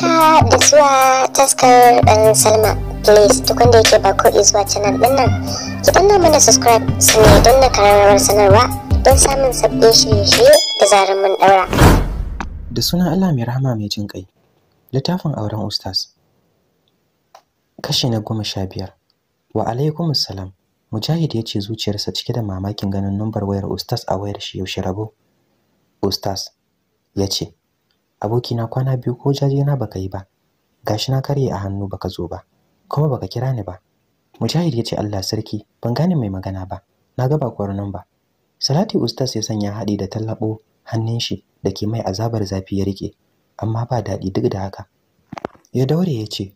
haka da zuwa taskar dan salma please duk wanda yake ba ko zuwa canal din nan ki danna mana subscribe su ne don na kararrawar sanarwa don samun sabbin shirye-shirye da zarar mun daura da sunan allah mai rahama mai jin kai littafin auren ustaz kashi na goma sha biyar wa alaikum salam mujahid ya ce zuciyarsa cike da mamakin ganin numbar wayar ustaz a wayar shi yaushe rabo ustaz ya ce abokina kwana biyu ko jaje na baka yi ba gashi na karye a hannu baka zo ba kuma baka kira ni ba mujahid ya ce Allah sarki ban gane mai magana ba na ga ba nan ba salati ustaz ya sanya haɗi da tallabo hannun shi da ke mai azabar zafi ya rike amma ba daɗi duk da haka ya daure ya ce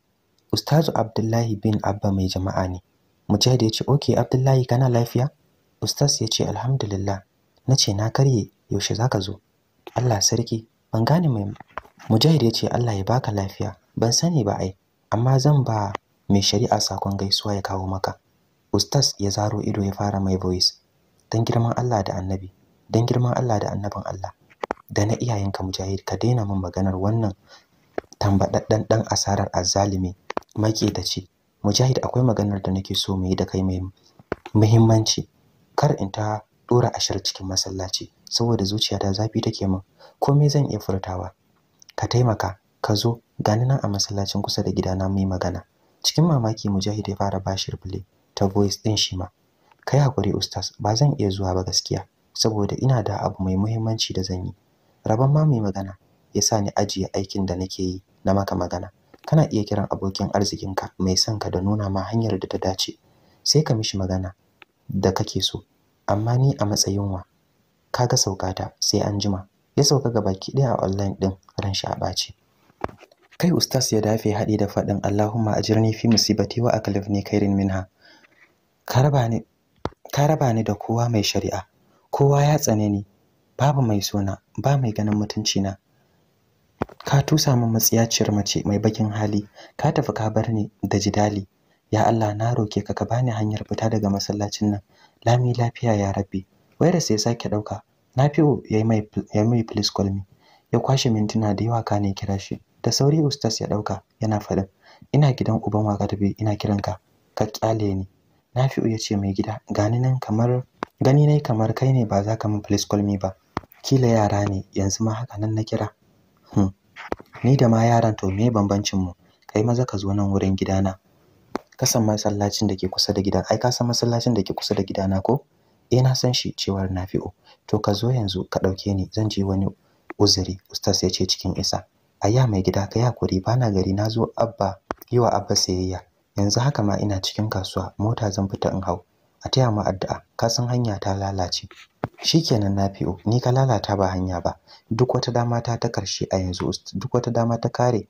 ustazu abdullahi bin abba mai jama'a ne mujahid ya ce okay abdullahi kana lafiya ustaz ya ce alhamdulillah na ce na karye yaushe zaka zo Allah sarki ban gane mai mujahid ya ce Allah ya baka lafiya ban sani ba ai amma zan ba mai shari'a sakon gaisuwa ya kawo maka ustaz ya zaro ido ya fara mai voice dan girman Allah da annabi dan girman Allah da annabin Allah da na iyayenka mujahid ka daina min maganar wannan tambadaddan dan asarar azzalimi make da ce mujahid akwai maganar da nake so mu yi da kai mai muhimmanci kar in ta dora ashir cikin masallaci saboda zuciyata zafi take min komai zan iya furtawa ka taimaka ka zo gani nan a masallacin kusa da gidana mai magana cikin mamaki mujahid ya fara bashir bile ta voice din shi ma kai hakuri ustaz ba zan iya zuwa ba gaskiya saboda ina da abu mai muhimmanci da zan yi rabon ma mai magana ya sa ni ajiye aikin da nake yi na maka magana kana iya kiran abokin arzikinka mai son ka da nuna ma hanyar da ta dace sai ka mishi magana da kake so amma ni a matsayin wa kaga saukata sai an jima ya sauka ga baki ɗaya a online ɗin ran shi a ɓaci kai ustaz ya dafe haɗi da faɗin Allahumma ajirni fi musibati wa aklifni khairin minha kairin raba ka raba ni da kowa mai shari'a kowa ya tsane ni babu mai sona ba mai ganin mutunci na ka tusa min matsiyaciyar mace mai bakin hali ka tafi ka bar ni da jidali ya Allah na roke ka ka bani hanyar fita daga masallacin nan lami lafiya ya rabbi virus ya sake dauka nafi'u yayi mai yayi mai please call me ya kwashe mintuna da yawa kane kira shi da sauri ustas ya dauka yana faɗin ina gidan uban waka biyu. ina kiranka ka kyale ni nafi'u ya ce mai gida gani nan kamar gani nai kamar kai ne ba za ka min please call me ba kila yara ne yanzu ma haka nan na kira hmm. ni da ma yaran to me bambancin mu kai maza ka zo nan wurin gidana Ka san masallacin da ke kusa da gidan ai ka san masallacin da ke kusa da gidana ko eh na san shi cewar Nafi'u to ka zo yanzu ka dauke ni zan je wani uzuri ustaz ya ce cikin isa A ya mai gida ka yakuri bana gari na zo abba yiwa abba sayayya yanzu haka ma ina cikin kasuwa mota zan fita in hau a taya mu addu'a ka san hanya ta lalace shikenan Nafi'u ni ka lalata ba hanya ba duk wata dama ta ta karshe a yanzu duk wata dama ta kare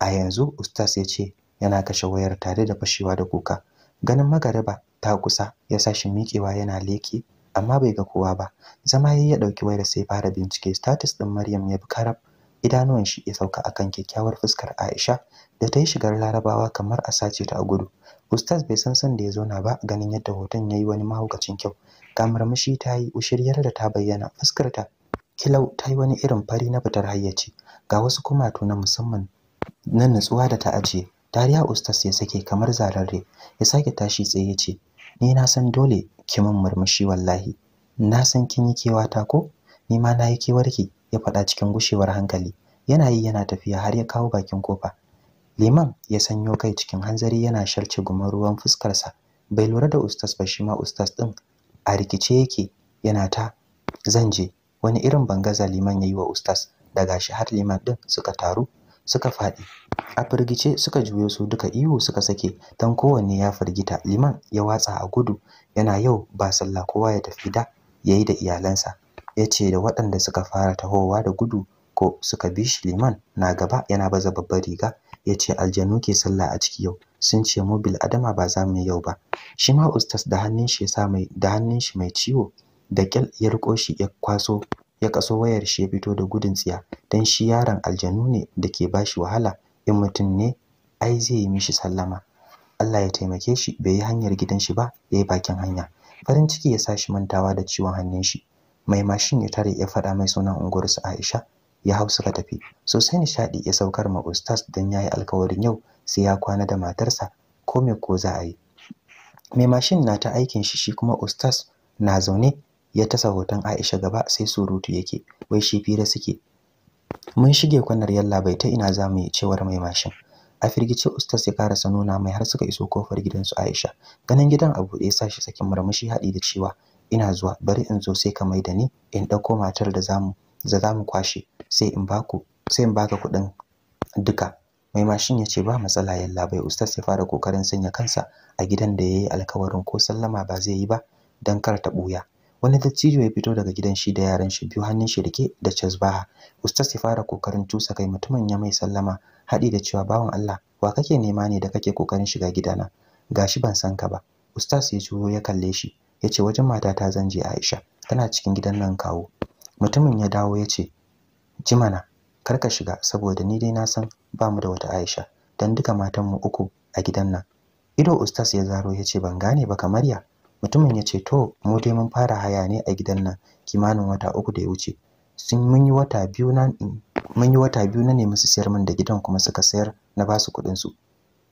a yanzu ustaz ya ce yana kashe wayar tare da fashewa da kuka ganin magaraba ta kusa ya sa shi miƙewa yana leke amma bai ga kowa ba zama yayi ya dauki wayar sai fara bincike status din Maryam ya bi karab idanuwan shi ya sauka akan kyakkyawar fuskar Aisha da ta yi shigar larabawa kamar a sace ta a gudu ustaz bai san san da ya zo na ba ganin yadda hoton yayi wani mahaukacin kyau ga murmushi ta yi ushiryar da ta bayyana fuskar ta kilau ta yi wani irin fari na fitar hayyaci ga wasu kumatu na musamman na nutsuwa da ta ajiye dariya ustas ya sake kamar zararre ya sake tashi tsaye ya ce ni na san dole ki mun murmushi wallahi na san kin yi kewa ta ko ni ma na yi kewarki ya faɗa cikin gushewar hankali yana yi yana tafiya har ya kawo bakin kofa liman ya sanyo kai cikin hanzari yana sharce gumar ruwan fuskarsa bai lura da ustas ba shi ma ustas din a rikice yake yana ta zanje wani irin bangaza liman ya yi wa ustas daga shi har liman din suka taru suka faɗi a firgice suka juyo su duka ihu suka sake don kowanne ya firgita liman ya watsa a gudu yana yau ba sallah kowa ya tafi da yayi da iyalansa ya ce da waɗanda suka fara tahowa da gudu ko suka bi shi liman na gaba yana baza babbar riga ya ce aljanu ke sallah a ciki yau sun ce mu bil adama ba za mu yau ba shi ma ustas da hannun shi mai da hannun shi mai ciwo da kyal ya riko shi ya kwaso ya kaso wayar shi ya fito da gudun tsiya dan shi yaron aljanu ne da ke bashi wahala in mutum ne ai zai yi mishi sallama Allah ya taimake shi bai yi hanyar gidan shi ba ya yi bakin hanya farin ciki ya sa shi mantawa da ciwon hannun shi mai mashin ya tare ya faɗa mai sunan unguwarsu Aisha ya hau suka tafi sosai nishaɗi ya saukar ma ustaz dan yayi alkawarin yau sai ya kwana da matarsa ko me ko za a yi mai mashin na ta aikin shi shi kuma ustaz na zaune ya tasa hoton Aisha gaba sai surutu yake wai shi fira suke mun shige kwanar yalla ta ina zamu yi cewar mai mashin a firgice ustas ya karasa nuna mai har suka iso kofar gidansu Aisha ganin gidan abu buɗe sa shi sakin murmushi haɗi da cewa ina zuwa bari in zo sai ka mai da ni in ɗauko matar da zamu za zamu kwashe sai in baku sai in baka kuɗin duka mai mashin ya ce ba matsala yalla bai ustas ya fara kokarin sanya kansa a gidan da yayi alkawarin ko sallama ba zai yi ba dan kar ta buya wani dattijo ya fito daga gidan shi da yaran shi biyu hannun shi rike da baha. ustas ya fara kokarin tusa kai mutumin ya mai sallama Hadi da cewa bawan Allah wa kake nema ne da kake kokarin shiga gidana gashi ban san ka ba ustas ya juyo ya kalle shi ya ce wajen matata zan je Aisha tana cikin gidan nan kawo mutumin ya dawo ya ce jimana kar ka shiga saboda ni dai na san ba mu da wata Aisha dan duka matan mu uku a gidan nan ido ustas ya zaro ya ce ban gane ba kamar ya mutumin ya ce to mu dai mun fara haya ne a gidan nan kimanin wata uku da ya wuce sun mun yi wata biyu na ne yi siyar min da gidan kuma suka sayar na ba su kuɗin su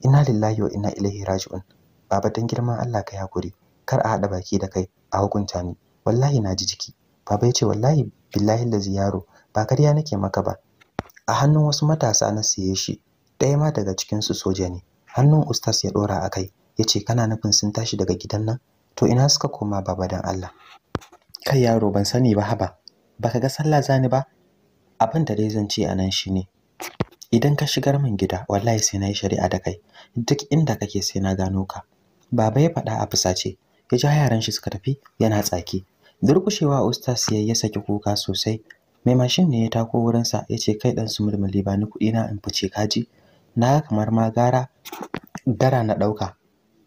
inna lillahi wa inna ilaihi raji'un baba dan girman Allah kai hakuri kar a hada baki da kai a hukunta ni wallahi na ji jiki baba ya ce wallahi billahi lazi yaro ba karya nake maka ba a hannun wasu matasa na siye shi ɗaya ma daga cikin su soja ne hannun ustas ya ɗora a kai ya ce kana nufin sun tashi daga gidan nan to ina suka koma baba dan Allah kai yaro ban sani ba haba baka ga sallah zani ba abin da dai zan ce anan shine idan ka shigar min gida wallahi sai na yi shari'a da kai duk inda kake sai na gano ka baba ya faɗa a fusace ya ja yaran shi suka tafi yana tsaki durkushewa ustaz yayi ya saki kuka sosai mai mashin ne ya tako wurinsa ya ce kai dan su murmuli ba ni kuɗi na in fice kaji na kamar ma gara dara na ɗauka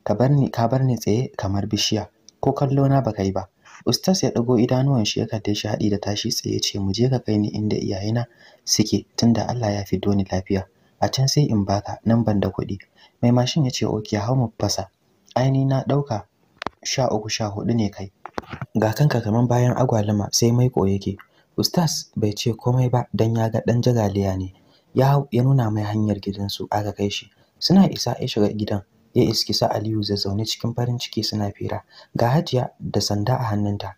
ka bar ni ka bar ni tsaye kamar bishiya ko kallo na baka yi ba ustas ya dago idanuwan shi ya kalle shi haɗi da tashi tsaye ce mu je ka kai ni inda iyayena suke tunda Allah ya fito ni lafiya a can sai in baka nan ban da kuɗi mai mashin ya ce oke hau mu fasa aini na ɗauka sha uku sha hudu ne kai ga kanka kaman bayan agwaluma sai mai ko yake ustas bai ce komai ba dan ya ga dan jagaliya ne ya ya nuna mai hanyar gidansu aka kai shi suna isa ya shiga gidan ya iski sa Aliyu zaune cikin farin ciki suna fira ga Hajiya da sanda a hannunta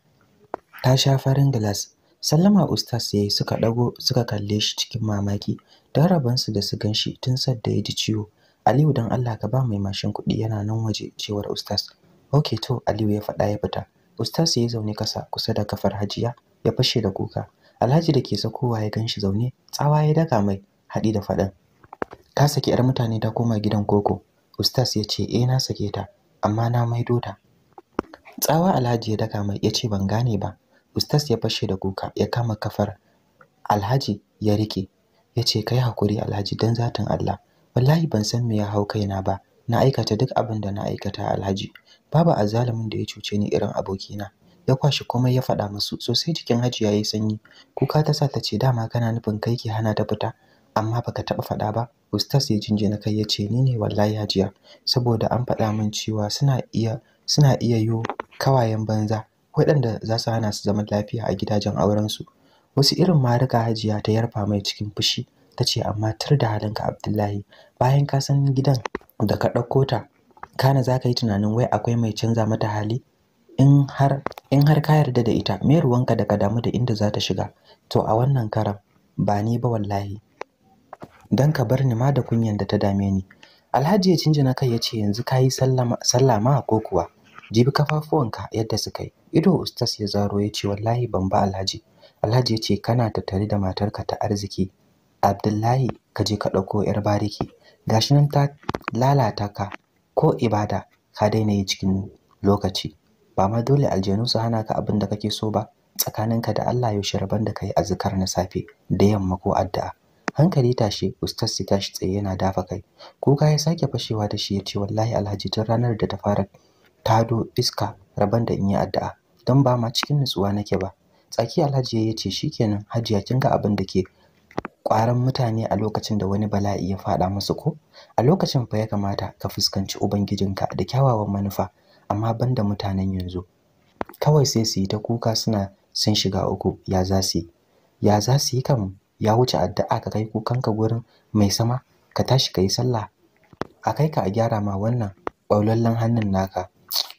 ta sha farin glass sallama ustaz yayi suka dago suka kalle shi cikin mamaki don rabansu da su ganshi tun sadda ya ji ciwo Aliyu don Allah ka ba mai mashin kuɗi yana nan waje cewar ustaz ok to Aliyu ya faɗa ya fita ustaz yayi zaune kasa kusa da kafar Hajiya ya fashe da kuka Alhaji da ke kowa ya ganshi zaune tsawa ya daga mai haɗi da faɗan Ta saki yar mutane ta koma gidan koko Ustaz ya ce e na sake ta amma na maido ta. Tsawa Alhaji ya daka mai ya ce ban gane ba. Ustaz ya fashe da kuka ya kama kafar Alhaji ya rike ya ce kai hakuri Alhaji dan zatin Allah. Wallahi ban san me ya hau kai na ba. Na aikata duk abin da na aikata Alhaji. Babu azalimin da ya cuce ni irin abokina. ya kwashi komai ya faɗa musu sosai jikin Hajiya yi sanyi kuka ta sa ta ce dama kana nufin kai ke hana ta fita amma baka taɓa faɗa ba Ustaz ya na kai ya ce ni ne wallahi hajiya saboda an faɗa min cewa suna iya suna iya yo kawayen banza waɗanda za su hana su zaman lafiya a gidajen aurensu. Wasu irin marika hajiya ta yarfa mai cikin fushi ta ce amma tur da halinka Abdullahi bayan ka san gidan da ka ɗauko ta kana za ka yi tunanin wai akwai mai canza mata hali in har in har ka yarda da ita me ruwanka da ka damu da inda za ta shiga to a wannan karan ba ni ba wallahi don ka bar ni ma da kunyan da ta dame ni alhaji ya na kai ya ce yanzu ka yi sallama ko kuwa jibi kafafuwanka yadda suka yi ido ustas ya zaro ya ce wallahi ban ba alhaji alhaji ya ce kana tattare da matarka ta arziki abdullahi ka je ka ɗauko yar bariki gashi nan ta lalata ka ko ibada ka daina yi cikin lokaci ba ma dole aljanu su hana ka abin da kake so ba tsakaninka da Allah yaushe rabon da kai azkar na safe da yamma ko addu'a hankali tashi ustaz ya tashi tsaye yana dafa kai kuka ya sake fashewa da shi ya ce wallahi alhaji tun ranar da ta fara tado iska rabon da in yi addu'a don ba ma cikin nutsuwa nake ba tsaki alhaji ya ce shikenan hajiya kin ga abin da ke kwaran mutane a lokacin da wani bala'i ya faɗa musu ko a lokacin fa ya kamata ka fuskanci ubangijinka da kyawawan manufa amma banda mutanen yanzu kawai sai su yi ta kuka suna sun shiga uku ya za su yi ya za su yi kan ya wuce addu'a ka kai kukanka gurin mai sama ka tashi ka yi sallah a kai ka a gyara ma wannan ɓaulallen hannun naka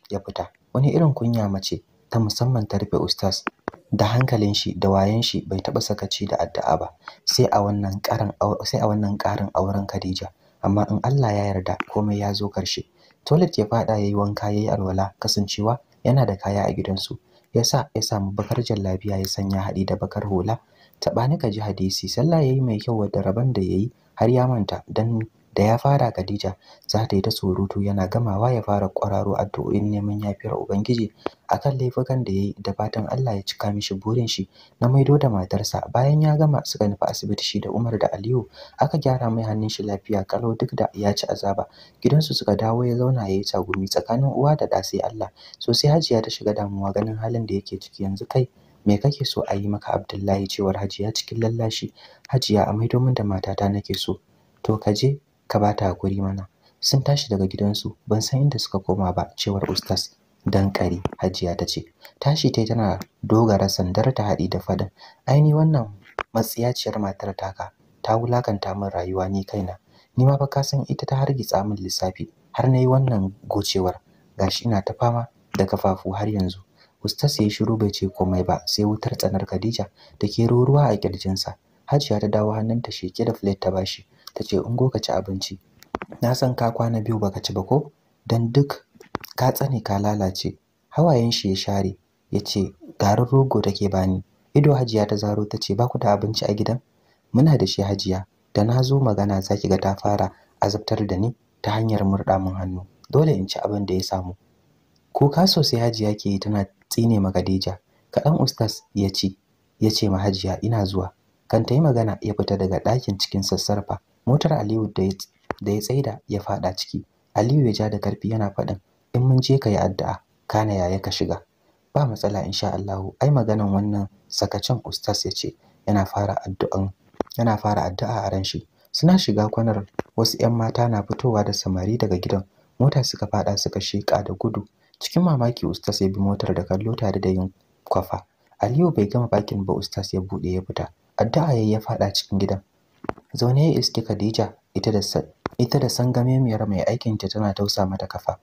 ya fita wani irin kunya mace ta musamman ta rufe ustaz da hankalin shi da wayen shi bai taɓa sakaci da addu'a ba sai a wannan ƙarin sai a wannan ƙarin auren Khadija amma in Allah ya yarda komai ya zo karshe toilet ya fada yayi wanka yayi alwala kasancewa yana da kaya a gidansu yasa ya samu bakar jallabiya ya sanya haɗi da bakar hula taɓa ni ka ji hadisi sallah ya yi mai kyau wadda rabon da ya yi har ya manta dan da ya fara Khadija za ta yi ta surutu yana gamawa ya fara kwararo addu'o'in neman yafiyar Ubangiji akan laifukan da ya yi da fatan Allah ya cika mishi burin shi na maido da matarsa bayan ya gama suka nufi asibiti shi da Umar da Aliyu aka gyara mai hannun shi lafiya kalau duk da ya ci azaba gidansu suka dawo ya zauna ya yi tagumi tsakanin uwa da ɗa Allah sosai Hajiya ta shiga damuwa ganin halin da yake ciki yanzu kai me kake so a yi maka abdullahi cewar hajiya cikin lallashi hajiya a maido min da matata nake so to ka je ka ba ta hakuri mana sun tashi daga gidansu ban san inda suka koma ba cewar Ustaz dan kare hajiya ta ce tashi tai tana dogara sandar ta haɗi da faɗin aini wannan matsiyaciyar matar taka ta wulakanta min rayuwa ni kaina ni ma fa ka san ita ta hargitsa min lissafi har na yi wannan gocewar gashi ina ta fama da kafafu har yanzu Ustas ya shiru bai ce komai ba sai wutar tsanar Khadija da ke ruwa a kirjinsa. Hajiya ta dawo hannunta sheke da plate ta bashi. Ta ce ungo ka ci abinci. Na san ka kwana biyu baka ci ba ko? Dan duk ka tsane ka lalace. Hawayen shi ya share ya ce garin rogo take bani. Ido Hajiya ta zaro ta ce ba ku da abinci a gidan? Muna da shi Hajiya. Da na zo magana zaki ga ta fara azabtar da ni ta hanyar murɗa min hannu. Dole in ci abin da ya samu. kuka sosai hajiya ke yi tana tsine ma Gadeja. kaɗan ustas ya ce ya ce ma hajiya ina zuwa kan ta yi magana ya fita daga ɗakin cikin sassarfa motar Aliyu da ya tsaida ya faɗa ciki Aliyu ya ja da karfi yana faɗin in mun je ka yi addu'a kana yaya ka shiga ba matsala insha Allah ai maganan wannan sakacin ustas ya ce yana fara addu'an yana fara addu'a a ran shi suna shiga kwanar wasu 'yan mata na fitowa da samari daga gidan mota suka faɗa suka sheka da gudu cikin mamaki ustas ya bi motar da kallo tare da yin kwafa aliyu bai gama bakin ba ustas ya bude ya fita addu'a yayi ya fada cikin gidan zaune ya iske khadija ita da ita da sangamemiyar mai aikin ta tana tausa mata kafa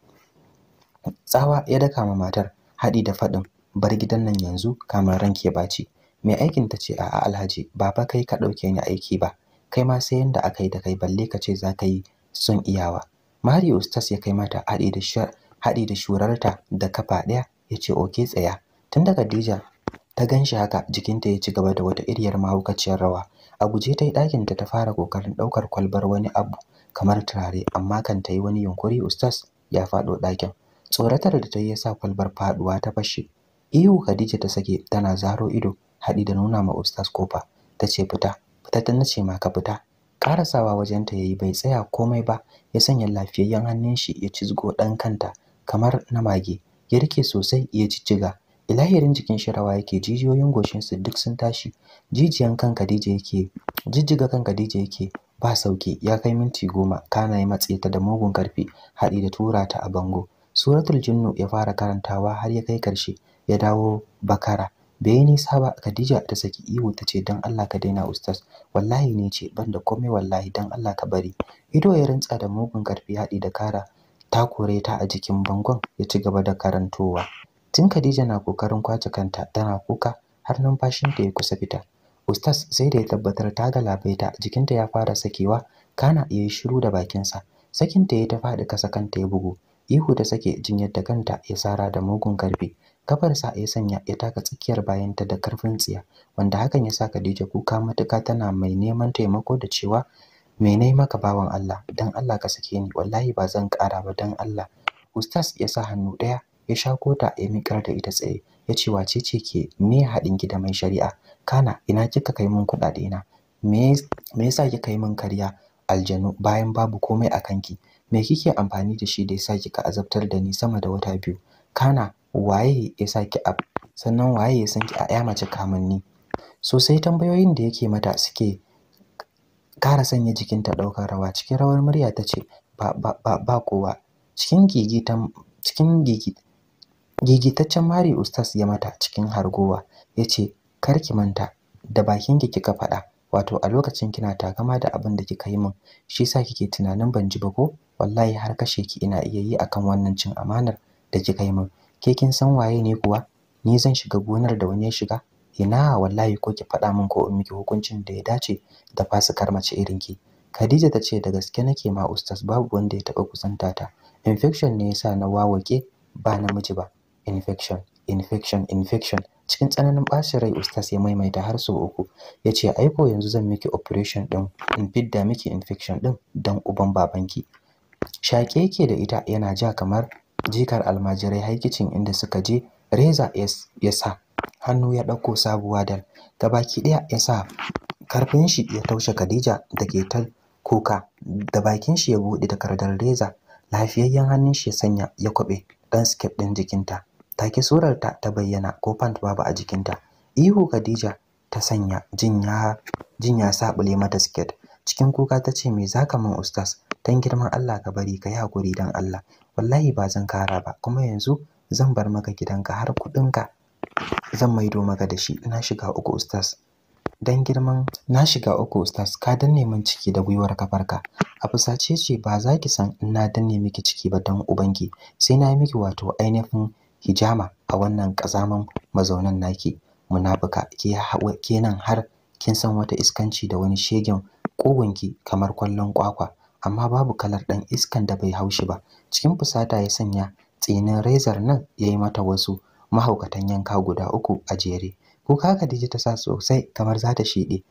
tsawa ya daka ma matar haɗi da faɗin bar gidan nan yanzu kamar ranke baci mai aikin ta ce a'a alhaji baba kai ka ɗauke ni aiki ba kai ma sai yanda aka yi da kai balle ka ce za ka yi sun iyawa mari ustas ya kai mata haɗi da haɗi da shurarta da kafa ɗaya ya ce oke tsaya tun da Khadija ta ganshi haka jikinta ya ci gaba da wata iriyar mahaukaciyar rawa a guje ta yi ɗakinta ta fara kokarin ɗaukar kwalbar wani abu kamar turare amma kan ta yi wani yunkuri Ustas ya faɗo ɗakin tsoratar da ta yi ya sa kwalbar faɗuwa ta fashe ihu Khadija ta sake tana zaro ido haɗi da nuna ma Ustas kofa ta ce fita fita ta nace ma ka fita karasawa wajenta yayi bai tsaya komai ba ya sanya lafiyayyen hannun shi ya cizgo ɗan kanta kamar na mage ya rike sosai ya jijjiga ilahirin jikin shi rawa yake jijiyoyin goshin su duk sun tashi jijiyan kan Khadija yake jijjiga kan Khadija yake ba sauki ya kai minti goma kana ya matse ta da mugun karfi haɗi da tura ta a bango suratul jinnu ya fara karantawa har ya kai karshe ya dawo bakara bai nisa ba Khadija ta saki iwo ta ce dan Allah ka daina ustaz wallahi ne ce banda komai wallahi dan Allah ka bari ido ya rantsa da mugun karfi haɗi da kara ta kore ta a jikin bangon ya ci gaba da karantowa tun Khadija na kokarin kwace kanta tana kuka har numfashinta ya kusa fita ustaz sai da ya tabbatar ta ga Labaita, jikinta ya fara sakewa kana ya yi shiru da bakinsa sakinta ya ta faɗi kasa kanta ya bugu ihu da sake jin da kanta ya sara da mugun karfi kafarsa ya sanya ya taka tsakiyar bayanta da karfin tsiya wanda hakan ya sa Khadija kuka matuka tana mai neman taimako da cewa me nayi maka bawan Allah dan Allah ka sake ni wallahi ba zan kara ba dan Allah ustaz ya sa hannu ɗaya ya sha kota ya mikar da ita tsaye ya ce wace ce ke ne haɗin gida mai shari'a kana ina kika kai min kuɗaɗe na me yasa kika kai min karya aljanu bayan babu komai a kanki me kike amfani da shi da yasa kika azabtar da ni sama da wata biyu kana waye yasa ki sannan waye ya sanki a yamace mace kamanni sosai tambayoyin da yake mata suke Kara sanya jikinta ɗaukar rawa cikin rawar murya ta ce ba, kowa cikin gigitaccen mari ustas ya mata cikin hargowa ya ce ki manta da bakin ki kika faɗa wato a lokacin kina takama da abin da kika yi min shi sa kike tunanin ban ji ba ko wallahi har kashe ki ina iya yi akan wannan cin amanar da kika yi min ke kin san waye ne kuwa ni zan shiga gonar da wani ya shiga ina wallahi ko ki faɗa min ko in miki hukuncin da ya dace da fasikar mace irin ki Khadija ta ce da gaske nake ma ustaz babu wanda ya taɓa kusanta ta infection ne yasa na wawake ba namiji ba infection infection infection cikin tsananin ɓacin rai ustaz ya maimaita har sau uku ya ce aiko yanzu zan miki operation ɗin in fidda miki infection ɗin don uban babanki shaƙe yake da ita yana ja kamar jikar almajirai haikicin inda suka je reza yasa. hannu ya ɗauko sabuwa dal baki ɗaya ya sa karfin shi ya taushe Khadija da ke ta kuka da bakin shi ya buɗe takardar reza lafiyayyen hannun shi ya sanya ya kwaɓe ɗan skep ɗin jikinta ta surar ta ta bayyana ko pant babu a jikinta ihu Khadija ta sanya jin ya jin ya mata siket, cikin kuka ta ce me zaka min ustaz dan girman Allah ka bari ka yi hakuri dan Allah wallahi ba zan kara ba kuma yanzu zan bar maka gidanka har kudinka zan maido maka da shi na shiga uku ustaz dan girman na shiga uku ustaz ka danne min ciki da gwiwar kafarka a fusace ce ba za ki san na danne miki ciki ba dan ubanki sai na yi miki wato ainihin hijama a wannan kazaman mazaunan naki munafuka ke kenan har kin san wata iskanci da wani shegen kowanki kamar kwallon kwakwa amma babu kalar dan iskan da bai haushi ba cikin fusata ya sanya tsinin rezar nan yayi mata wasu mahaukatan yanka guda uku a jere kuka Khadija ta sa sosai kamar za ta shiɗe?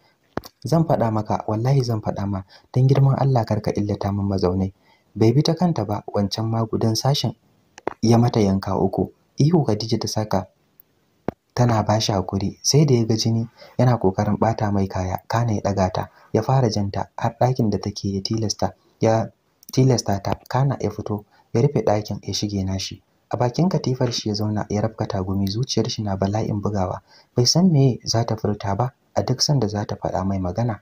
zan faɗa maka wallahi zan faɗa ma dan girman Allah kar ka illata min mazaunai bai bi ta kanta ba wancan ma magudan sashin ya mata yanka uku ihu Khadija ta saka tana ba shi hakuri sai da ya ga jini yana kokarin bata mai kaya kana ya daga ta ya fara janta har ɗakin da take ya tilasta ya tilasta ta kana ya fito ya rufe ɗakin ya shige nashi a bakin katifar shi ya zauna ya rafka tagumi zuciyar shi na bala'in bugawa bai san me za ta furta ba a duk sanda za ta faɗa mai magana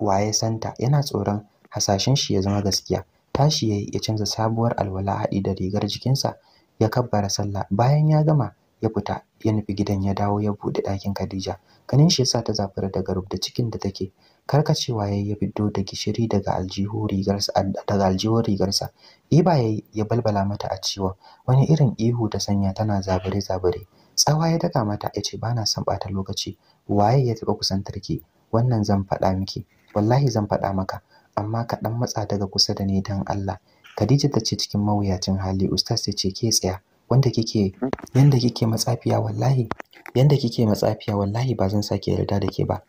waye santa yana tsoron hasashen shi ya zama gaskiya tashi yayi ya canza sabuwar alwala haɗi da rigar jikinsa ya kabbara sallah bayan ya gama ya fita ya nufi gidan ya dawo ya buɗe ɗakin Khadija ganin shi yasa ta zafara daga rubda cikin da take karkacewa yayi ya fito da gishiri daga aljihun rigarsa daga aljihun rigarsa iba yayi ya balbala mata a ciwon wani irin ihu ta sanya tana zabare zabare tsawa ya daga mata ya ce bana son bata lokaci waye ya taba kusantar ki wannan zan faɗa miki wallahi zan faɗa maka amma ka dan matsa daga kusa da ni dan Allah Khadija ta ce cikin mawuyacin hali ustaz ta ce ke tsaya wanda kike yanda kike matsafiya wallahi yanda kike matsafiya wallahi ba zan sake yarda da ke ba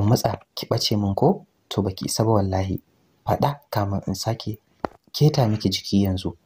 in matsa ki bace min ko to baki isa ba wallahi faɗa kamar in sake keta miki jiki yanzu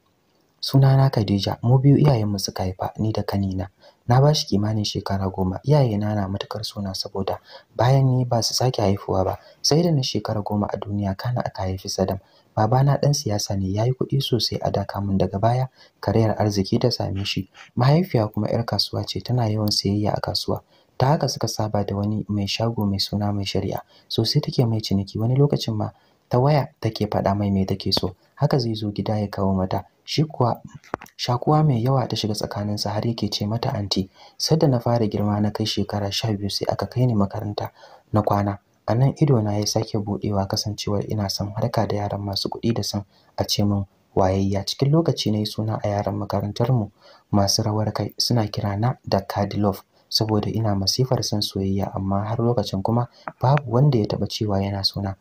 sunana Khadija mu biyu iyayenmu suka haifa ni da kanina na ba shi kimanin shekara goma iyayena na matukar suna saboda bayan ni ba su sake haifuwa ba sai da na shekara goma a duniya kana aka haifi Sadam babana dan siyasa ne yayi kuɗi sosai a daka mun daga baya karayar arziki ta same shi mahaifiya kuma yar kasuwa ce tana yawan sayayya a kasuwa ta haka suka saba da wani mai shago mai suna mai shari'a sosai take mai ciniki wani lokacin ma ta waya take faɗa mai me take so haka zai zo gida ya kawo mata shi kuwa shakuwa mai yawa ta shiga tsakaninsa har yake ce mata anti da na fara girma na kai shekara sha biyu sai aka kai ni makaranta na kwana a nan na ya sake buɗewa kasancewar ina son harka da yaran masu kuɗi da son a ce min wayayya cikin lokaci na yi suna a yaran makarantarmu masu rawar kai suna kirana da kadilov saboda ina masifar son soyayya amma har lokacin kuma babu wanda ya taba cewa yana sona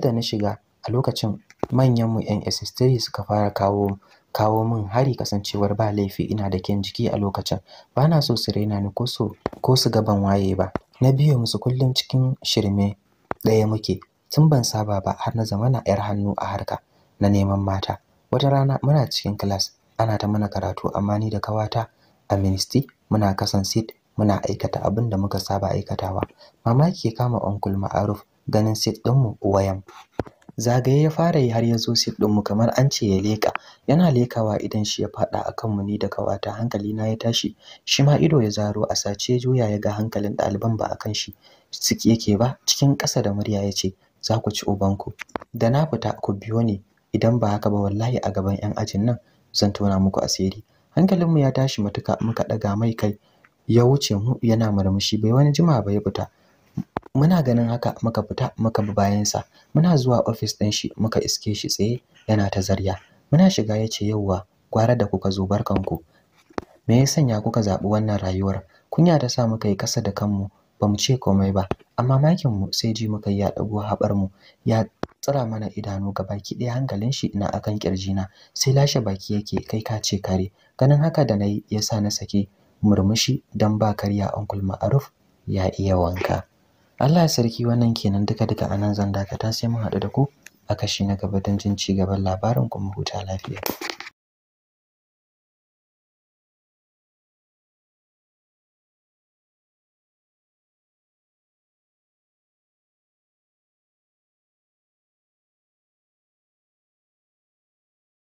da na shiga a lokacin manyan mu yan SS3 suka fara kawo kawo min hari kasancewar ba laifi ina da kyan jiki a lokacin bana so su raina ni ko so ko su ga ban waye ba na biyo musu kullum cikin shirme ɗaya muke tun ban saba ba har na zamana yar hannu a harka na neman mata wata rana muna cikin class ana ta mana karatu amma ni da kawata a ministry muna kasan seat muna aikata abin da muka saba aikatawa mamaki ya kama onkul ma'aruf ganin sit ɗinmu wayan zagaye ya fara yi har ya zo sit ɗinmu kamar an ce ya leka yana lekawa idan shi ya faɗa a kanmu ni da kawata hankali na ya tashi shi ma ido ya zaro a sace juya ya ga hankalin ɗaliban ba akan shi suke yake ba cikin ƙasa da murya ya ce za ku ci ubanku da na fita ku biyo ni idan ba haka ba wallahi a gaban 'yan ajin nan zan tona muku asiri hankalinmu ya tashi matuka muka ɗaga mai kai ya wuce mu yana murmushi bai wani jima ba ya fita muna ganin haka muka fita muka bi bayansa muna zuwa ofis ɗin shi muka iske shi tsaye yana ta zarya muna shiga ya ce yauwa gwara da kuka zo barkanku me ya sanya kuka zaɓi wannan rayuwar kunya ta sa muka yi kasa da kanmu ba mu ce komai ba amma makin mu sai ji muka yi ya ɗago haɓar mu ya tsira mana idanu ga baki ɗaya hankalin shi ina akan na sai lashe baki yake kai ka ce kare ganin haka da nayi yasa na sake murmushi don ba karya Uncle Ma'aruf ya iya wanka. Allah ya sarki wannan kenan duka duka a nan zan dakata sai mun haɗu da ku a kashi na gaba don jin ci gaban labarin kuma huta lafiya.